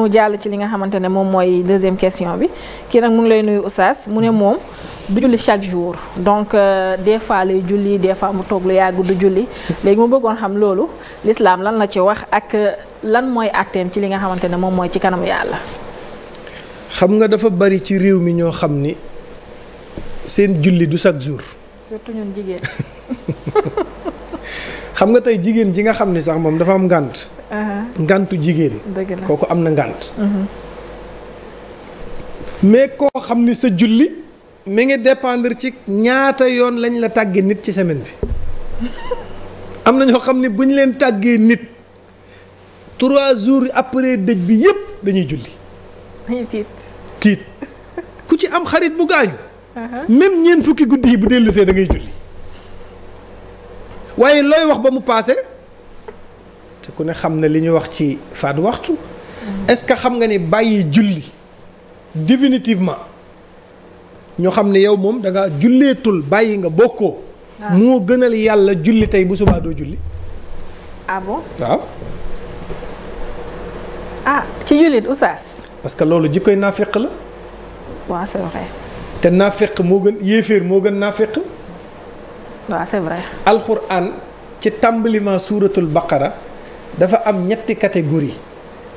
mu jàll ci li nga xamante ne moom mooy deuxième question bi kii mu ngi lay nuyu Oustaz mu ne moom du julli chaque jour donc euh, des fois lay julli des fois mu toog lu yàgg du julli léegi mu bëggoon xam loolu l'islam lan la ci wax ak euh, lan mooy àtteem ci li nga xamante ne moom mooy ci kanam yàlla. xam nga dafa bari ci réew mi ñoo xam ni seen julli du chaque jour. surtout ñun jigéen. xam nga tey jigéen ji nga xam ni sax moom dafa am ngànt. ngàntu jigéen. dëgg kooku am na ngànt. Mhm. mais koo xam ni sa julli mi ngi dépendre ci ñaata yoon lañ la tàggee nit ci semaine bi am na ñoo xam ne buñ leen tàggee nit trois jours après dëj bi yépp dañuy julli. dañuy tiit ku ci am xarit bu gaañu. Uh-huh. même ñeent fukki guddi yi bu dellusee da ngay julli waaye looy wax ba mu paase. ku ne xam na li ñu wax ci faat waxtu est-ce que xam nga ni bàyyi julli définitivement ñoo xam ne yow moom danga julleetul bàyyi nga bokkoo ah. moo gënal yàlla julli tey bu subaa doo julli ah waaw ah, ci jullit oustaz parce que loolu jikkoy naafeq la waaw c'est vrai te naafeq moo gën yéeféer moo gën naafeq waaw c'est vrai alxuraan ci tàmbalima suuratul baqara dafa am ñetti catégorie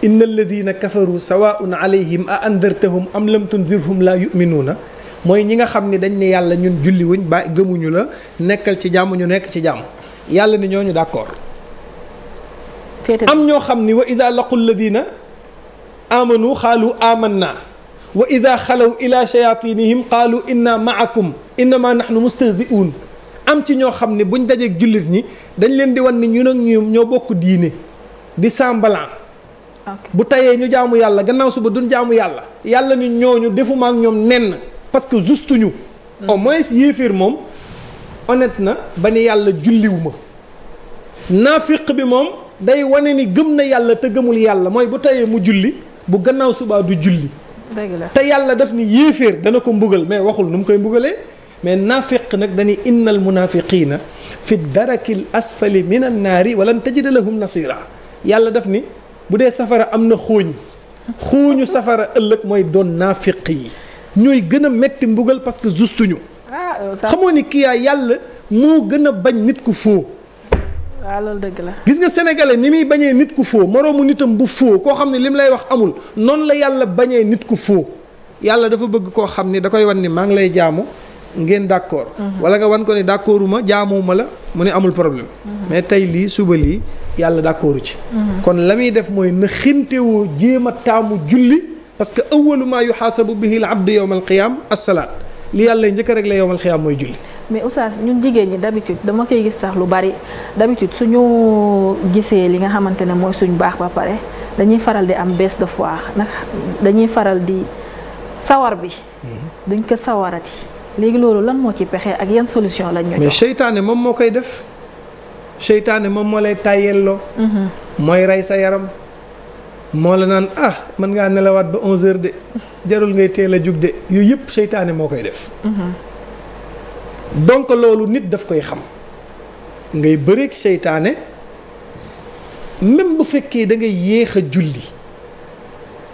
inna alladina kafaru sawaun alayhim a andartahum am lam tunzirhum la yuminuuna mooy ñi nga xam ni dañ ne yàlla ñun julli wuñ ba gëmuñu la nekkal ci jàmm ñu nekk ci jàmm yàlla ni ñooñu d'accord am ñoo xam ni wa ida laqu alladina amanu xaalu amanna wa ida xalaw ila shayatinihim qaalu inna maakum innama nahnu mustahzi'un am ci ñoo xam ne buñ dajeeg jullit ñi dañ leen di wan ni ñu ak ñoo bokk diine di semblant bu tayee ñu jaamu yàlla gannaaw suba du jaamu yàlla yàlla ni ñooñu defuma ak ñoom nenn parce que juste ñu mm. au moins yéeféer moom honnête na ba ni yàlla julliw ma naafiq bi moom day wane ni gëm na yàlla te gëmul yàlla mooy bu tayee mu julli bu gannaaw suba du julli te yàlla daf ni yéeféer dana ko mbugal mais waxul nu mu koy mbugalee mais naafiq nag dañuy innal munaafiqiina fi darakil asfali min an naari walan tajida lahum nasira yàlla def ni bu dee safara am na xóoñ xóoñu safara ëllëg mooy doon naafiq yi ñooy gën a metti mbugal parce que justuñu ah, euh, xamoo ni kii yaa yàlla moo gën a bañ nit ku foo waaw ah, loolu la gis nga sénégalais ni muy bañee nit ku foo moroomu nitam bu foo koo xam ne li mu lay wax amul noonu la yàlla bañee nit ku foo yàlla dafa bëgg koo xam ne da koy wan ni maa ngi lay jaamu ngeen d' accord. wala nga wan ko ne d' accorduma jaamuwuma la mu ne amul problème. mais tey lii suba lii yàlla d' accordu ci. kon la muy def mooy na xintewoo jéem a taamu julli parce que awwalu maa yuxaasabu bihi al abdu yowmal qiyaam assalaat li yàlla njëkk a réglé yowmal qiyaam mooy julli. mais oustaz ñun jigéen ñi d'habitude dama koy gis sax lu bari d'habitude suñu gisee li nga xamante ne mooy suñ baax ba pare dañuy faral di am baisse de foi ndax dañuy faral di sawar bi. Mhm. duñ ko sawarati. léegi loolu lan moo ci pexe ak yan solution lañ ñu mais seytaane moom moo koy def seytaane moom moo lay tàyyelloo mhm. mooy rey sa yaram moo la naan ah mën ngaa nelawaat ba onze heures de jarul ngay teel a jug de yooyu yëpp seytaane moo koy def mhm. donc loolu nit daf koy xam ngay bëreeg seytaane même bu fekkee da ngay yéex a julli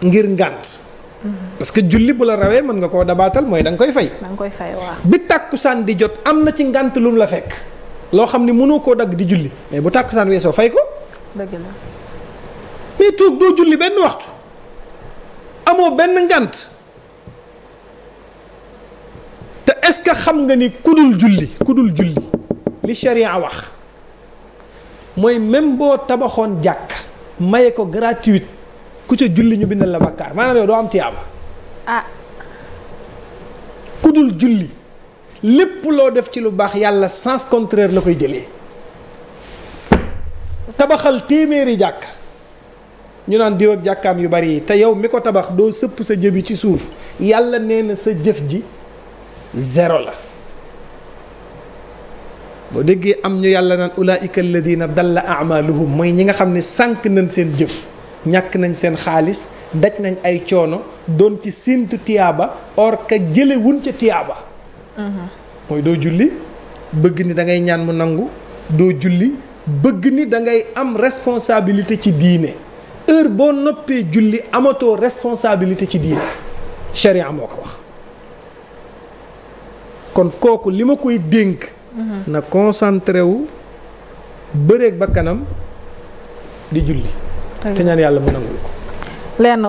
ngir ngànt parce que julli bu la rawee mën nga koo dabaatal mooy danga koy fay. da nga koy fay waaw. bi tàkkusaan di jot am na ci ngant lum la fekk. loo xam ni mënoo koo dagg di julli mais bu tàkkusaan weesoo fay ko. dëgg la. tuug doo julli benn waxtu. amoo benn ngant. te est-ce que xam nga ni kudul julli kudul julli li sharia wax mooy même boo tabaxoon jàkk maye ko gratuite. ku ca julli ñu bindal la bàkkaar maanaam yow doo am tiyaaba ah dul julli lépp loo def ci lu baax yàlla sens contraire la koy jëlee tabaxal téeméeri jàkk ñu naan diw ak jàkkaam yu bari yi te yow mi ko tabax doo sëpp sa jëbi ci suuf yàlla nee na sa jëf ji zéro la boo déggee am ñu yàlla naan ulaika alladina dalla amaluhum mooy ñi nga xam ne sànq nañ seen jëf ñàkk nañ seen xaalis daj nañ ay coono doon ci séentu tiyaaba or ka jële wun ca tiyaaba mooy doo julli bëgg ni da ngay ñaan mu nangu doo julli bëgg ni da ngay am responsabilité ci diine heure boo noppee julli amatoo responsabilité ci diine sharia moo ko wax kon kooku li ma koy dénk mhm. na concentré wu bëreeg ba kanam di julli te ñaan yàlla mu nangul